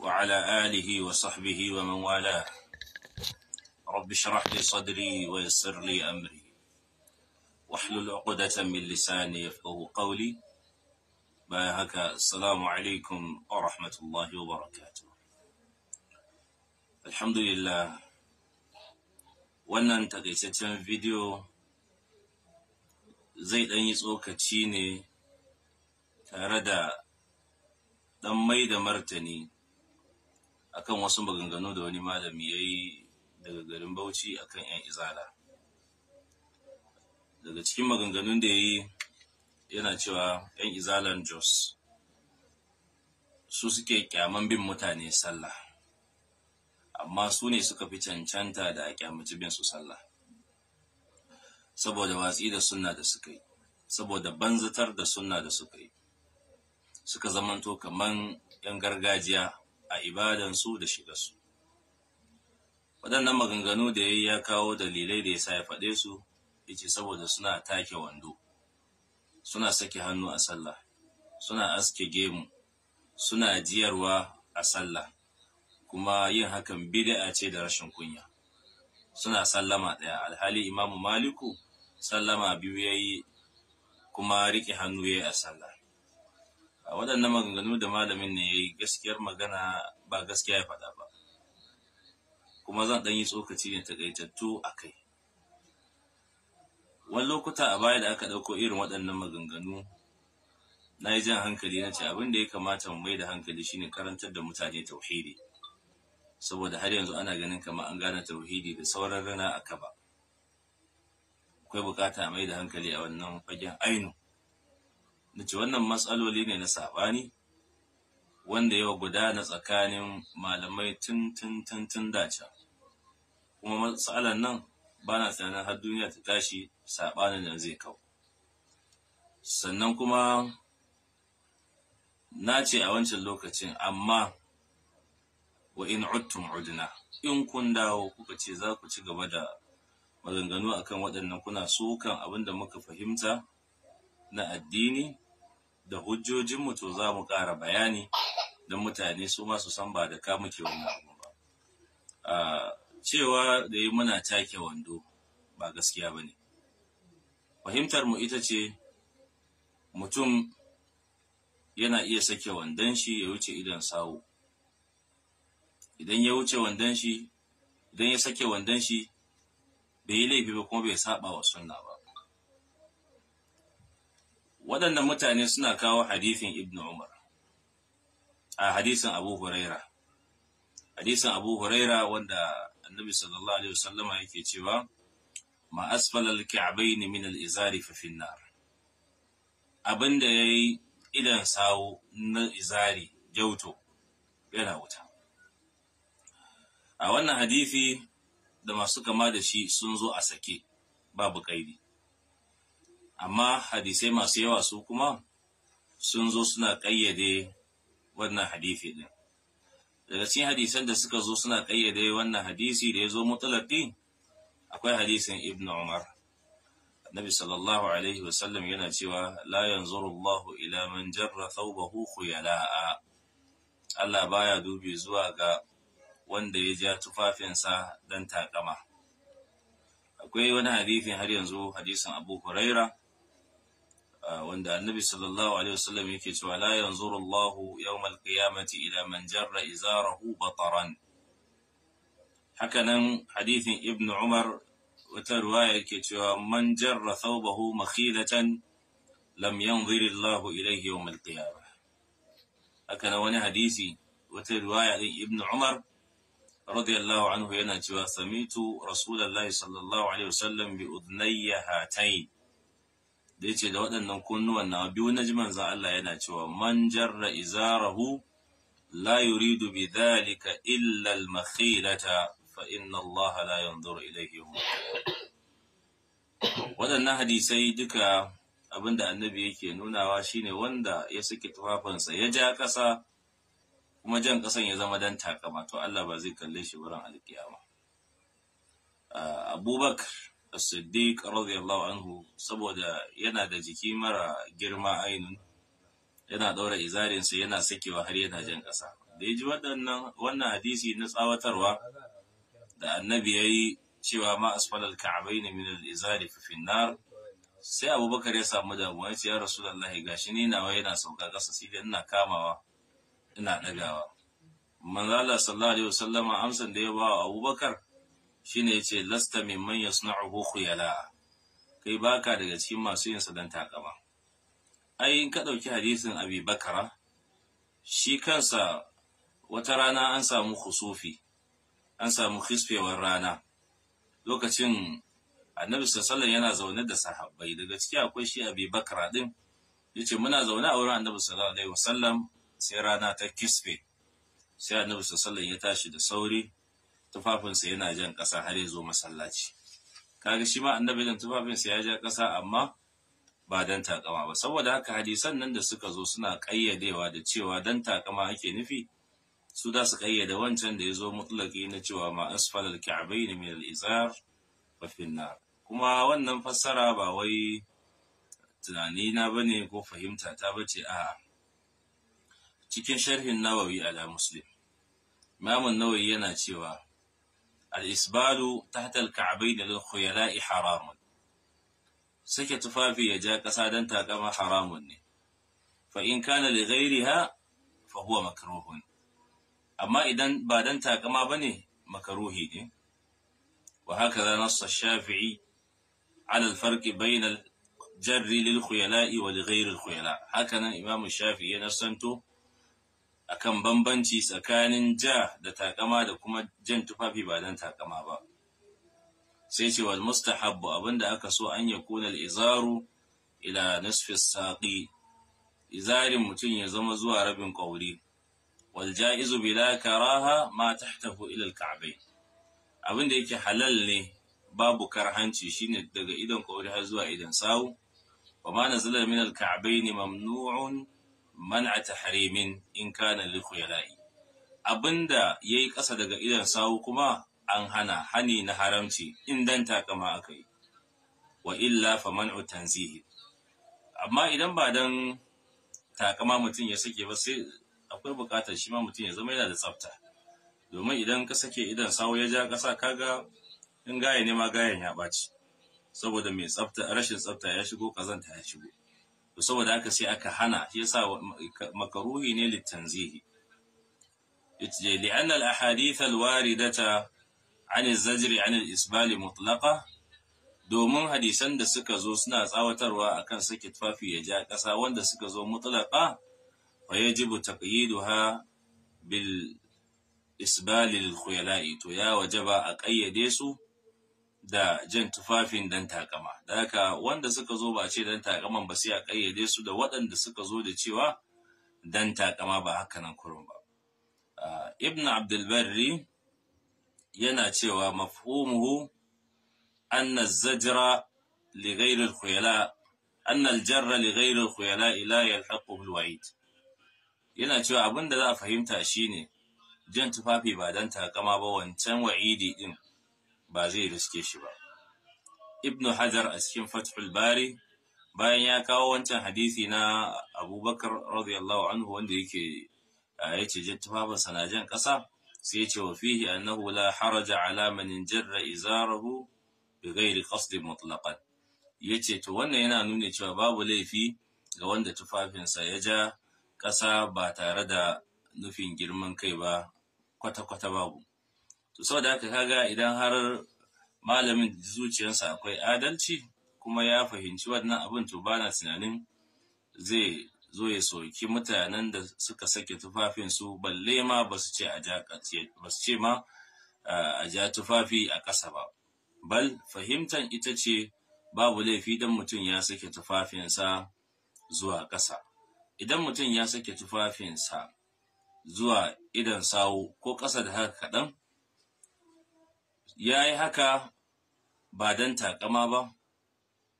وعلى آله وصحبه ومن والاه رب اشرح لي صدري ويسر لي أمري واحلل عقدة من لساني يفقه قولي هكا السلام عليكم ورحمة الله وبركاته الحمد لله wannan takaitaccen bidiyo zai ɗan yi tsokaci ne tare da ɗan mai da martani akan wasu maganganu da wani malami ya yi daga garin Bauchi akan 'yan izala. Daga cikin maganganun da ya yi yana cewa 'yan izalan Jos su suke kyaman bin mutane sallah, amma su ne suka fi cancanta da a kyamaci bin su sallah. Saboda watsi da sunna da suka yi, saboda banzatar da sunna da suka yi, suka zamanto kaman 'yan gargajiya a ibadansu da shigarsu waɗannan maganganu da ya yi ya kawo dalilai da ya sa ya faɗe su ya saboda suna take wando suna sake hannu a sallah suna aske gemu suna jiyarwa a sallah kuma yin hakan bid'a ce da rashin kunya suna sallama ɗaya alhali imamu maliku sallama biyu ya yi kuma riƙe hannu ya yi a sallah a waɗannan maganganu da malamin ne ya gaskiyar magana ba gaskiya ya faɗa ba kuma zan ɗan yi tsokaci ne taƙaitattu a kai wani lokuta a baya da aka ɗauko irin waɗannan maganganu na yi jan hankali na ce abin da ya kamata mu mai da hankali shine karantar da mutane tauhidi saboda har yanzu ana ganin kamar an gane tauhidi da sauran rana a kaba akwai bukata a mai da hankali a wannan fagen ainu nace wannan matsaloli ne na saɓani wanda yawa gudana tsakanin malamai tun tun tun tun dace, kuma matsalan nan ba na tunanin har duniya ta tashi saɓanin da zai kau sannan kuma na ce a wancan lokacin amma wa in uttum udna in kun dawo kuka ce za ku ci gaba da maganganu akan waɗannan kuna sukan abin da muka fahimta na addini da hujjojinmu to za mu ƙara bayani don mutane su ma su san ba da ka muke wannan abu ba cewa da yi muna take wando ba gaskiya ba ne fahimtar mu ita ce mutum yana iya sake wandon shi ya wuce idan sawu idan ya wuce wandon shi idan ya sake wandon shi bai yi laifi ba kuma bai saba wa sunna ba waɗannan mutane suna kawo hadithin ibn umar a hadisin abu huraira hadisin abu huraira wanda annabi sallallahu alaihi wasallama yake cewa ma asfalal ka'bayn min al-izari fa an nar abinda yayi idan sawo na izari jauto yana wuta a wannan hadisi da masu kama da shi sun zo a sake babu kaidi amma hadisai masu yawa su kuma sun zo suna ƙayyade wannan hadisi din daga cikin hadisan da suka zo suna ƙayyade wannan hadisi da ya zo akwai hadisin ibn umar annabi sallallahu alaihi wasallam yana cewa la yanzuru Allah ila man jarra thawbahu khuyala'a Allah baya dubi zuwa ga wanda ya ja tufafinsa dan takama akwai wani hadisin har yanzu hadisin Abu Huraira wanda annabi sallallahu alaihi wasallam yake cewa la yanzuru Allah yawm al-qiyamati ila man jarra izarahu bataran hakanan hadithin ibn Umar wata ruwaya yake cewa man jarra thawbahu makhilatan lam yanzur Allah ilayhi yawm al-qiyamah hakanan wani hadisi wata ruwaya din ibn Umar radiyallahu anhu yana cewa samitu rasulullahi sallallahu alaihi wasallam bi udnayya hatayn da ya ce da waɗannan kunnuwan na biyu na ji manzan Allah yana cewa man jarra izarahu la yuridu bi dhalika illa al makhilata fa inna Allah la yanzuru ilayhi waɗannan hadisai duka abinda annabi yake nunawa shine wanda ya saki tufafinsa ya ja ƙasa kuma jan ƙasan ya zama dan takama to Allah ba zai kalle shi wurin alkiyama ah, Abubakar as-siddiq radiyallahu anhu saboda yana da jiki mara girma ainun yana ɗaura izarinsa yana sakewa har yana jan ƙasa da ya ji waɗannan wannan hadisi na tsawatarwa da annabi ya yi cewa ma asfalal ka'abai ne min al-izari fi finnar sai abubakar ya samu damuwa ya ce ya rasulullahi gashi ni nawa yana sauka ƙasa sai dai ina kamawa ina ɗagawa manzala sallallahu alaihi wasallama amsan da ya ba wa abubakar shine yace lasta mimman yala khuyala kai baka daga cikin masu yin sadanta gaba. ai in ka dauki hadisin Abi Bakara shi kansa wata rana an samu kusufi. an samu khisfewar rana lokacin annabi sallallahu yana zaune da sahabbai daga ciki akwai shi Abi Bakara din yace muna zaune a wurin annabi sallallahu alaihi wasallam sai rana ta kisfe sai annabi sallallahu ya tashi da sauri tufafinsa yana jan ƙasa har ya zo masallaci kaga shi ma annabi dan tufafinsa ya ja ƙasa amma ba dan takama ba saboda haka hadisan nan da suka zo suna ƙayyadewa da cewa dan takama ake nufi su da su ƙayyade wancan da ya zo mutlaki na cewa ma asfalar ka'abai ne min al'izar wa finnar kuma wannan fassara ba wai tunani na bane ko fahimta ta bace a cikin sharhin nawawi ala muslim imamun nawawi yana cewa الإسبال تحت الكعبين للخيلاء حرام سكة فافية جاك سادنتا كما حرام فإن كان لغيرها فهو مكروه أما إذا بادنتا كما بني مكروه وهكذا نص الشافعي على الفرق بين الجر للخيلاء ولغير الخيلاء هكذا إمام الشافعي نصنته akan bambanci tsakanin ja da takama da kuma jan tufafi ba don takama ba sai ce wal mustahabbu abinda aka so an ya kuna izaru ila nisfi izarin mutum ya zama zuwa rabin kauri wal jaizu bila karaha ma tahtahu ila al ka'bayn abinda yake halal ne babu karhanci shine daga idan kauri har zuwa idan sawu wa ma nazala min al ka'bayn mamnu'un man'a tahrimin in kana lil khuyala'i abinda yi ƙasa daga idan sawu kuma an hana hani na haramci in dan takama akai wa illa fa man'u tanzihi amma idan ba dan takama mutum ya sake ba sai akwai bukatar shi ma mutum ya zama yana da tsafta domin idan ka sake idan sawu ya ja kasa kaga in gaya ne ma gayan ya ɓaci saboda mai tsafta rashin tsafta ya shigo ƙazanta ya shigo saboda haka sai aka hana shi yasa makaruhi ne litanzihi li anna al al ahadith waridata an al عن an al isbal mutlaqa domin hadisan da suka zo suna tsawatarwa akan saki tufafi ya ja kasa wanda suka zo mutlaqa wa yajibu taqyiduha bil isbal al khuyala to ya wajaba a ƙayyade su da jan tufafin dan takama da haka wanda suka zo ba ce dan takaman ba sai a kayyade su da waɗanda suka zo da cewa dan takama ba haka nan kurun ba ibn abdulbarri yana cewa mafhumuhu anna zajra li ghayri al-khuyala anna al-jarra li al-khuyala ila waid yana cewa abinda za a fahimta shine jan tufafi ba dan takama ba wancan wa'idi din ba zai riske shi ba ibn hajar a cikin fathul bari bayan ya kawo wancan hadisi na abubakar radiyallahu anhu wanda yake ya ce jattafa sana jan ƙasa sai ce wa fihi annahu la haraja ala man jarra izarahu bi ghairi qasd mutlaqan yace to wannan yana nuna cewa babu laifi ga wanda tufafinsa ya ja ƙasa ba tare da nufin girman kai ba kwata-kwata babu to saboda haka kaga idan har malamin zuciyarsa akwai adalci kuma ya fahimci wannan abin to bana tunanin zai zo ya soki mutanen da suka sake tufafinsu balle ma ba su ce ma a ja tufafi a ƙasa ba bal fahimtan ita ce babu laifi idan mutum ya sake tufafinsa zuwa ƙasa idan mutum ya sake tufafinsa zuwa idan sawu ko ƙasa da haka kaɗan ya yi haka ba don takama ba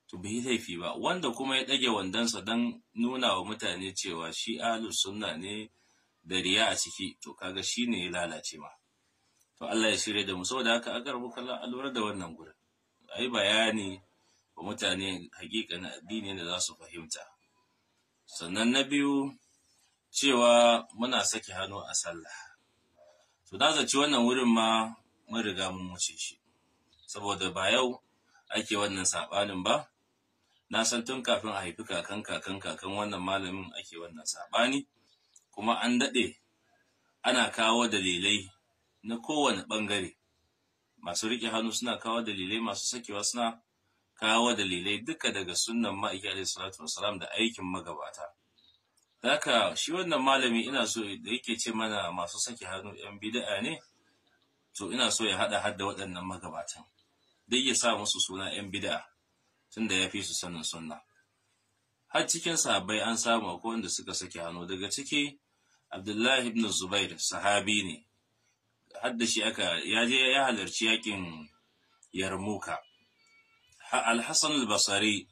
to bai laifi ba wanda kuma ya ɗage wandonsa don nuna wa mutane cewa shi alus sunna ne da riya a ciki to kaga shi ne ya lalace ma to Allah ya shirya da mu saboda haka aka bukala kallon alura da wannan gurin ai bayani wa mutane hakika na addini da za su fahimta sannan na biyu cewa muna saki hannu a sallah to na zaci wannan wurin ma mun riga mun wuce shi saboda ba yau ake wannan sabanin ba na san tun kafin a haifi kakan kakan kakan wannan malamin ake wannan saɓani kuma an daɗe ana kawo dalilai na kowane ɓangare masu riƙe hannu suna kawo dalilai masu sakewa suna kawo dalilai duka daga sunan ma'aiki alaihi salatu wasalam da aikin magabata haka shi wannan malami ina so da yake ce mana masu sake hannu yan bida'a ne To ina so ya hada hadda waɗannan magabatan duk ya sa musu suna yan bid'a tunda ya fi su sanin sunna har cikin sahabai an samu akwai wanda suka sake hannu daga ciki Abdullahi ibn Zubair sahabi ne haddashi shi aka ya je ya halarci yakin Yarmuka alhassan albasari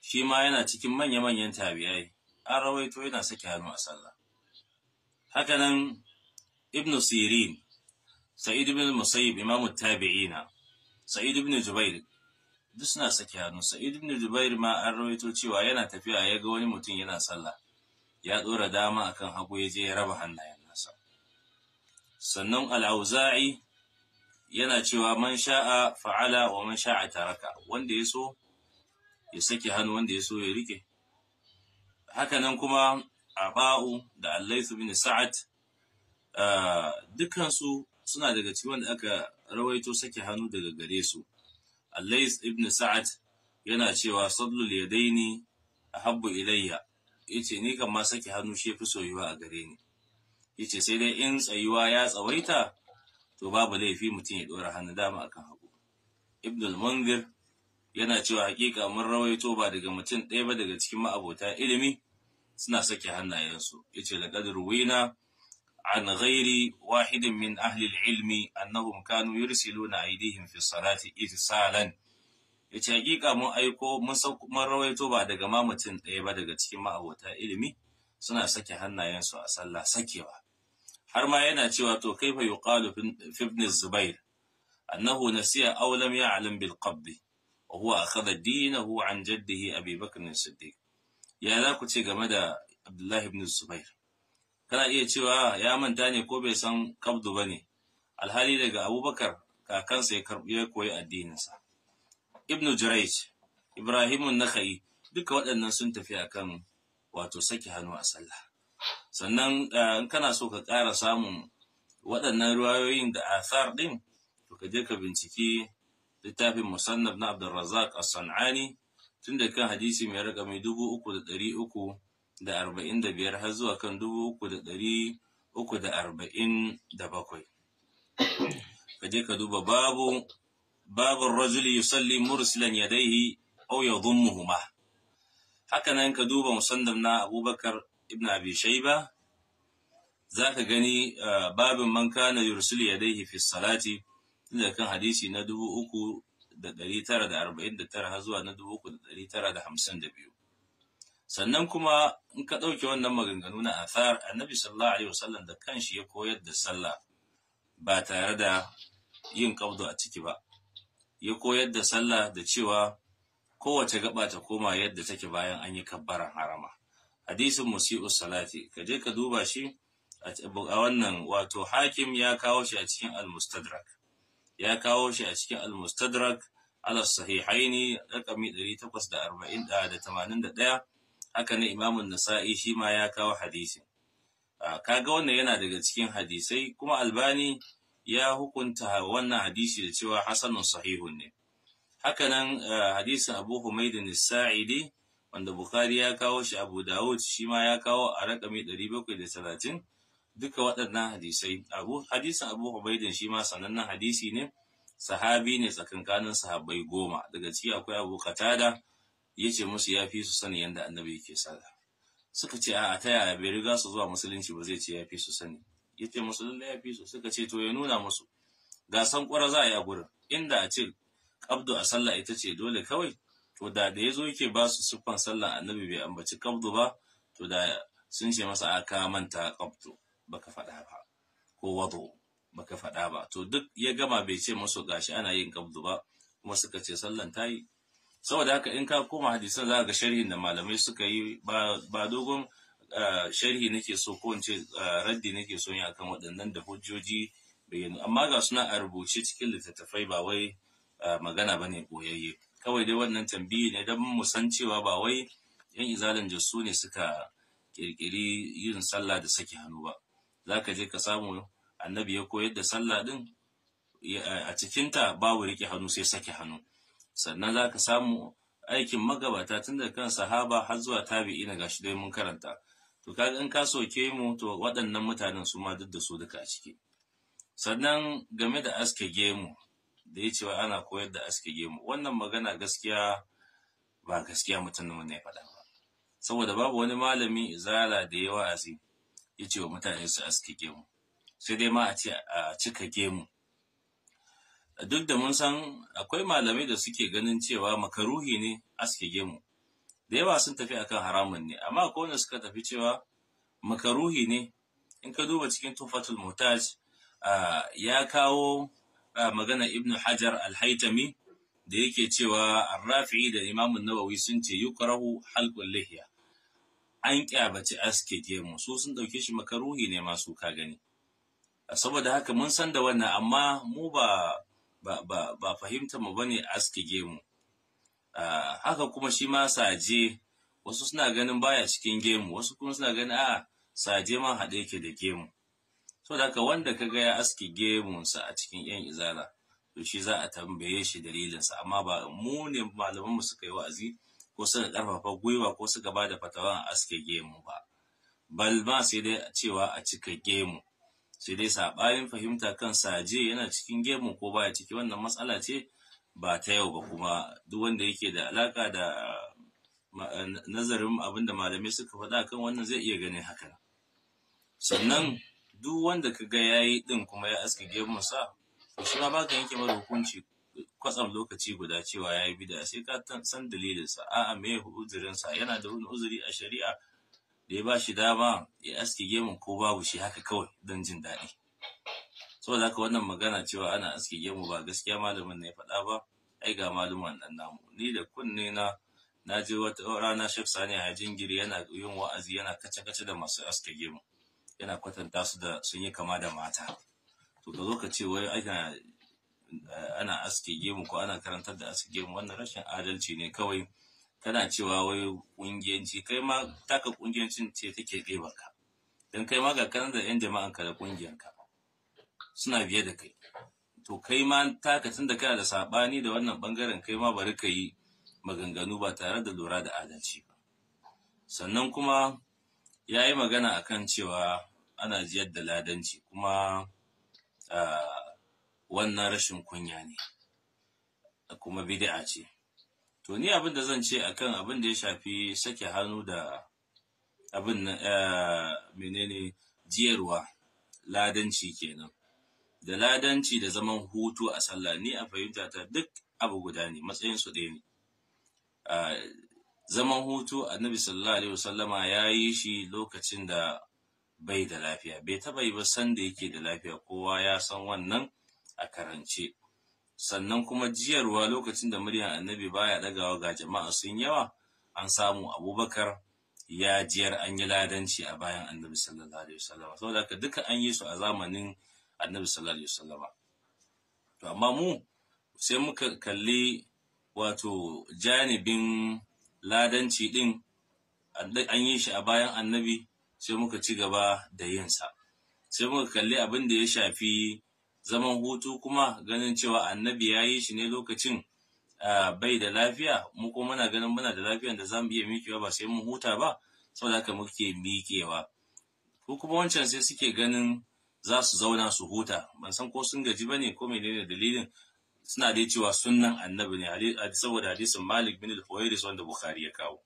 shi ma yana cikin manya-manyan tabiyai an rawaito yana sake hannu a sallah haka nan Ibn Sirin Sa'id ibn Musayyib imamu tabi'ina, Sa'id ibn Jubair duk suna saki hannu. Sa'id ibn Jubair ma an rawaito cewa yana tafiya ya ga wani mutum yana sallah. Ya dora dama akan hagu ya je ya raba hannayen nasa. Sannan al'auza'i yana cewa man sha'a fa'ala wa man sha'a taraka wanda ya so ya saki hannu wanda ya so ya rike hakanan kuma aba'u da allaisu bin sa'ad ah, dukansu suna daga cikin wanda aka rawaito sake hannu daga gare su allais ibn sa'ad yana cewa sadlul yadaini ahabbu ilayya yace ni kan ma sake hannu shi fi soyuwa a gare ni yace sai dai in tsayuwa ya tsawaita to babu laifi mutum ya dora hannu dama akan hagu ibn al-munzir yana cewa hakika mun rawaito ba daga mutum ɗaya ba daga cikin ma'abota ilimi suna sake hannayensu yace laqad ruwina عن غير واحد من أهل العلم أنهم كانوا يرسلون أيديهم في الصلاة إرسالا يتحقيق مو أيكو مصوك مروي توبا دقا ما متن أيبا دقا تكما أو تألمي سنة سكي هنا ينسو أسلا سكي وا حرما ينا تيواتو كيف يقال في ابن الزبير أنه نسي أو لم يعلم بالقبض وهو أخذ دينه عن جده أبي بكر الصديق يا لا كنت عبد الله بن الزبير kana iya cewa ya manta ne ko bai san kabdu ba ne alhali daga abubakar kakansa ya karbi ya koyi addininsa ibnu jurayj ibrahim nakhai duka waɗannan sun tafi akan wato saki hannu a sallah sannan eh, in kana so ka ƙara samun waɗannan ruwayoyin da athar ɗin to ka je ka binciki littafin musannaf na abdulrazak as-san'ani tun da kan hadisi mai rakami dubu uku da ɗari uku da arba'in da biyar har zuwa kan dubu uku da ɗari uku da arba'in da bakwai ka je ka duba babu babin rajuli yusalli mursilan yadaihi aw yadhummuhuma haka nan ka duba musannam na abubakar ibn abi za ka gani babin man kana yursilu yadaihi fi salati tunda kan hadisi na dubu uku da ɗari tara da arba'in da tara har zuwa na dubu uku da ɗari tara da hamsin da biyu sannan kuma in ka ɗauke wannan maganganu na athar annabi sallallahu alaihi wasallam da kanshi ya koyar da sallah ba tare da yin kabdu a ciki ba ya koyar da sallah da cewa kowace gaba ta koma yadda take bayan an yi kabbaran harama hadisin musi'u salati ka je ka duba shi a wannan wato hakim ya kawo shi a cikin al-mustadrak ya kawo shi a cikin al-mustadrak ala sahihaini rakami 841 haka ne imamun nasa'i shi ma ya kawo hadisin kaga wannan yana daga cikin hadisai kuma albani ya hukunta wannan hadisi da cewa hasanun sahihun ne hakanan hadisin abu humaidu nisa'idi wanda bukari ya kawo shi abu dawud shi ma ya kawo a rakami 730 duka waɗannan hadisai abu hadisin abu humaidin shi ma sanannen hadisi ne sahabi ne tsakankanin sahabbai goma daga ciki akwai abu katada ya ce musu ya fi su sani yadda annabi yake sallah suka ce a ta yaya bai riga su zuwa musulunci ba zai ce ya fi su sani ya ce musu lalle ya fi su suka ce to ya nuna musu gasan kwara za a yi a gurin inda a ce kabdu a sallah ita ce dole kawai to da da ya zo yake ba su siffan sallah annabi bai ambaci kabdu ba to da sun ce masa a ka manta kabdu baka faɗa ba ko wado baka faɗa ba to duk ya gama bai ce musu gashi ana yin kabdu ba kuma suka ce sallan ta yi saboda haka in ka koma hadisan za ga sharhin da malamai suka yi ba dogon eh, sharhi nake so ko ce eh, raddi nake so yi akan waɗannan da hujjoji bayyana amma ga suna a rubuce cikin littattafai ba wai eh, magana ba ne koyayye kawai dai wannan tambayi ne don mu san cewa ba wai yan izalin jasu ne suka kirkiri yin sallah da saki hannu ba za ka je ka samu annabi ya koyar da sallah din a cikinta babu riƙe hannu sai saki hannu sannan za ka samu aikin magabata tun da kan sahaba har zuwa tabi'i na gashi dai mun karanta to kaga in ka soke mu to waɗannan mutanen su ma duk da su duka a ciki sannan game da aske gemu da ya cewa ana koyar da aske gemu wannan magana gaskiya ba gaskiya mutum ne faɗa ba saboda babu wani malami izala da yawa a ya ce wa mutane su aske gemu sai dai ma a ce a cika gemu duk da mun san akwai malamai da suke ganin cewa makaruhi ne aske gemu da yawa sun tafi akan haramun ne amma ko wanda suka tafi cewa makaruhi ne in ka duba cikin tufatul mutaj ya kawo magana ibnu hajar alhaitami da yake cewa arrafi'i da imamun nawawi sun ce yukrahu halqul lihya an kyabaci aske gemu su sun dauke shi makaruhi ne masu ka gani saboda haka mun san da wannan amma mu ba ba fahimta fahimtar mu bane aski gemu haka kuma shi ma saje wasu suna ganin baya cikin gemu wasu kuma suna ganin a saje ma haɗe yake da gemu so da wanda kaga ya aske gemunsa a cikin yan izala to shi za a tambaye shi dalilinsa amma ba mu ne malaman mu suka yi wa'azi ko suka karfafa gwiwa ko suka bada fatawa fatawan aske gemu ba bal ma sai dai cewa a cika gemu sai dai saɓanin fahimta kan saje yana cikin gemu ko baya ciki wannan matsala ce ba ta yau ba kuma duk wanda yake da alaka da nazarin abin da malamai suka faɗa kan wannan zai iya ganin haka sannan duk wanda ka ga ya yi ɗin kuma ya aske gemunsa sa shi ma baka yanke mara hukunci kwatsam lokaci guda cewa ya yi bida sai ka san dalilinsa a'a me uzurinsa yana da wani uzuri a shari'a da ya ba shi dama ya aski gemun ko babu shi haka kawai don jin daɗi saboda haka wannan magana cewa ana aski gemu ba gaskiya malamin ne ya faɗa ba ai ga malamin nan namu ni da kunne na na je wata rana shek Sani a jingiri yana yin wa'azi yana kace-kace da masu aske gemu yana kwatanta su da sun yi kama da mata to ka zo ka ce wai ana ana gemu ko ana karantar da aski gemu wannan rashin adalci ne kawai kana cewa wai kungiyanci kai ma taka kungiyancin ce take ɗeba ka don kai ma ga kan da yan jama'an ka da kungiyan ka suna biye da kai to kai ma taka tun da kana da sabani da wannan bangaren kai ma bari ka yi maganganu ba tare da lura da adalci ba sannan kuma ya yi magana akan cewa ana jiyar da ladanci kuma ah, wannan rashin kunya ne kuma bid'a ce to ni abin da zan ce akan abin da ya shafi sake hannu da abin na eh, menene jiyarwa ladanci kenan da ladanci da zaman hutu a sallah ni a fahimta ta duk abu guda ne matsayin su ɗaya ne zaman hutu annabi sallallahu alaihi wasallama ya yi shi lokacin da bai da lafiya bai taba yi ba san da yake da lafiya kowa ya san wannan a karance sannan kuma jiyarwa lokacin da muryar annabi baya ɗagawa ga jama'a sun yawa an samu abubakar ya jiyar an yi ladanci a bayan annabi sallallahu alaihi wasallam saboda haka duka an yi su a zamanin annabi sallallahu alaihi wasallam to amma mu sai muka kalli wato janibin ladanci din an yi shi a bayan annabi sai muka ci gaba da yinsa sai muka kalli abin da ya shafi zaman hutu kuma ganin cewa annabi ya yi shi ne lokacin bai da lafiya mu ko muna ganin muna da lafiyan da za mu iya mikewa ba sai mun huta ba saboda haka muke mikewa ko kuma wancan sai suke ganin za su zauna su huta ban san ko sun gaji bane ko menene dalilin suna dai cewa sunnan annabi ne saboda hadisin Malik bin al-Huwairis wanda Bukhari ya kawo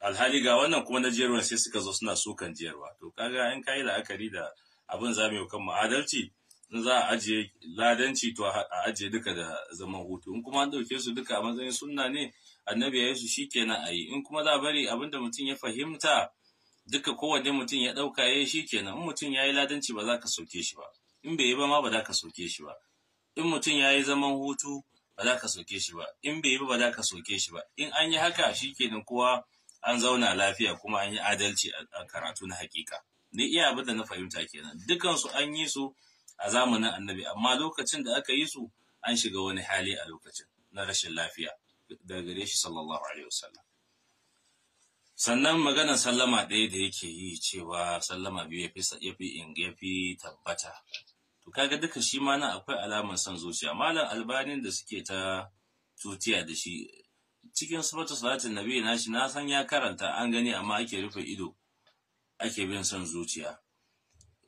alhali ga wannan kuma na jiyarwa sai suka zo suna sukan jiyarwa to kaga in kai la'akari da abin zamu yi kan mu adalci in za a ajiye ladanci to a ajiye duka da zaman hutu in kuma an ɗauke su duka a matsayin sunna ne annabi ya yi su shikenan a yi in kuma za a bari abinda mutum ya fahimta duka kowane mutum ya ɗauka ya yi shikenan in mutum ya yi ladanci ba za ka sauke shi ba in bai yi ba ma ba za ka sauke shi ba in mutum ya yi zaman hutu ba za ka soke shi ba in bai yi ba ba za ka soke shi ba in an yi haka shi kenan kowa an zauna lafiya kuma an yi adalci a karatu na hakika ni iya abin da na fahimta kenan dukansu an yi su a zamanin annabi amma lokacin da aka yi su an shiga wani hali a lokacin na rashin lafiya daga gare shi sallallahu alaihi wasallam sannan maganar sallama ɗaya da yake yi cewa sallama biyu ya fi in ya tabbata to kaga duka shi ma nan akwai alamar son zuciya malam albanin da suke ta tutiya da shi cikin sabata salatin nabi na shi na san ya karanta an gani amma ake rufe ido ake bin son zuciya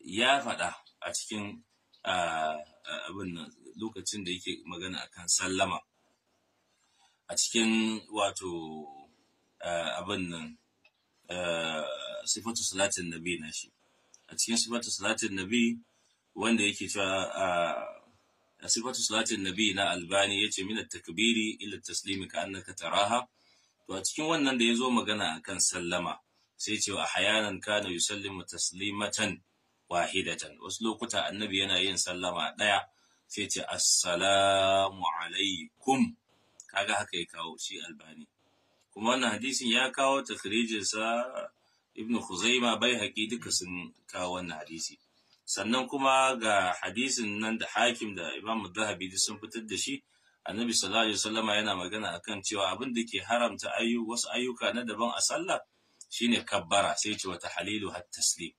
ya faɗa a cikin abin nan lokacin da yake magana akan sallama a cikin wato abin nan sifatu salatin nabi na shi a cikin sifatu salatin nabi wanda yake cewa a sifatu salatin nabi na albani ya ce minar takbiri ila taslimi ka annaka taraha to a cikin wannan da ya zo magana akan sallama sai ce wa hayanan kana yusallimu taslimatan wahidatan wasu lokuta annabi yana yin sallama ɗaya sai ce assalamu alaikum kaga haka ya kawo shi albani kuma wannan hadisin ya kawo takrijinsa ibn khuzaima bai haƙi duka sun kawo wannan hadisi sannan kuma ga hadisin nan da hakim da imam zahabi sun fitar da shi annabi sallallahu alaihi wasallama yana magana akan cewa abin da ke haramta wasu ayyuka na daban a sallah shine kabbara sai ce wata halilu hat taslim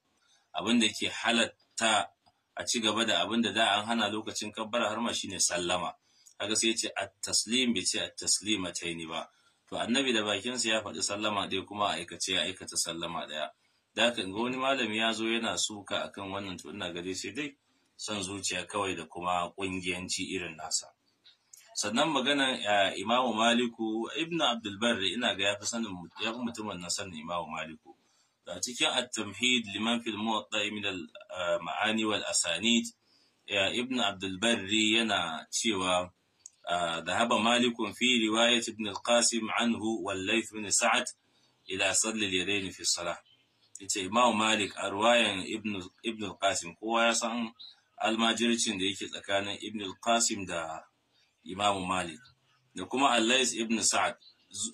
abin da ke halatta a ci gaba da abin da da an hana lokacin kabbara har ma shine sallama kaga sai yace at-taslim bi ce at taini ba to annabi da bakinsa ya faɗi sallama ɗaya kuma a aikace ya aikata sallama ɗaya da ka ga wani malami ya zo yana suka akan wannan to ina gari sai dai son zuciya kawai da kuma ƙungiyanci irin nasa sannan maganan imamu maliku ibnu abdulbar ina ga ya fi mutumin na sanin imamu maliku a cikin at-tamhid liman fil muwatta min al wal asanid ibn abdul barri yana cewa ذهب مالك في رواية ابن القاسم عنه والليث بن سعد إلى صلي اليدين في الصلاة ita imam malik a ruwayan ibn al-qasim kowa ya san almajircin da yake tsakanin ibn al-qasim da imam malik da kuma allais ibn sa'ad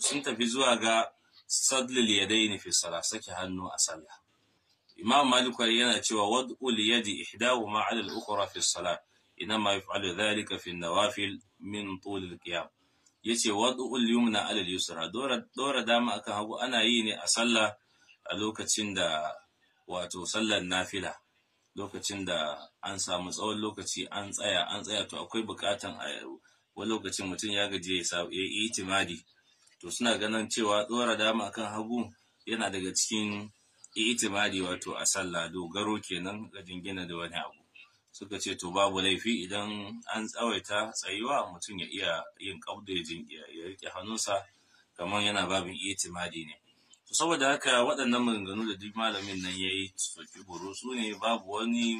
sun tafi zuwa ga sadlil yadaini fi salah sake hannu a sallah imam malik yana cewa wad'ul yadi ihdahuma 'ala al-ukhra fi Ina inma yaf'alu dhalika fi nawafil min tul al-qiyam yace wad'ul yumna 'ala al-yusra dora dora dama akan hagu ana yi ne a sallah a lokacin da wato sallar nafila lokacin da an samu tsawon lokaci an tsaya an tsaya to akwai bukatan a wani lokacin mutum ya gaji ya yi itimadi to suna ganin cewa tsora dama kan hagu yana daga cikin itimadi wato a sallah dogaro kenan ga jingina da wani abu suka ce to babu laifi idan an tsawaita tsayuwa mutum ya iya yin jingina ya rike hannunsa kamar yana babin itimadi ne to saboda haka waɗannan maganganu da duk malamin nan ya yi soki buru su ne babu wani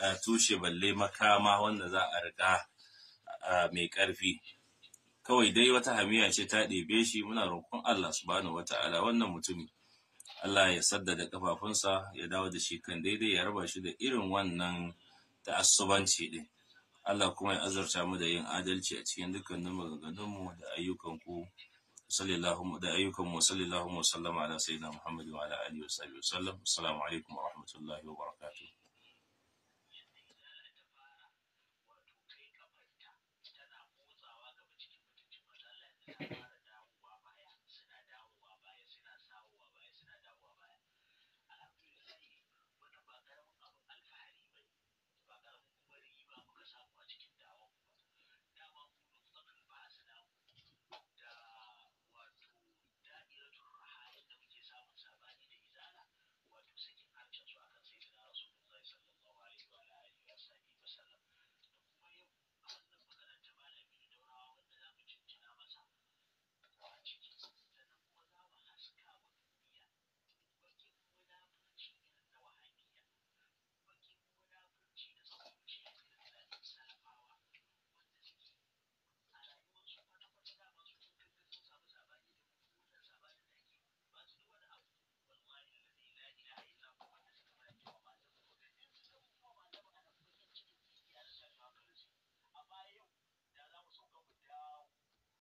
eh, tushe balle makama wanda za a riƙa ah, mai ƙarfi kawai dai wata hamiya ce ta ɗebe shi muna roƙon Allah subhanahu wata'ala wannan mutumi Allah ya saddada kafafunsa ya dawo da shi kan daidai ya raba shi da irin wannan ta'assubanci din Allah kuma ya azurta mu da yin adalci a cikin dukkanin maganganunmu da ayyukan ku sallallahu da ayyukan mu sallallahu wa sallama ala sayyidina Muhammad wa ala alihi wa sahbihi sallam assalamu alaikum wa rahmatullahi wa barakatuh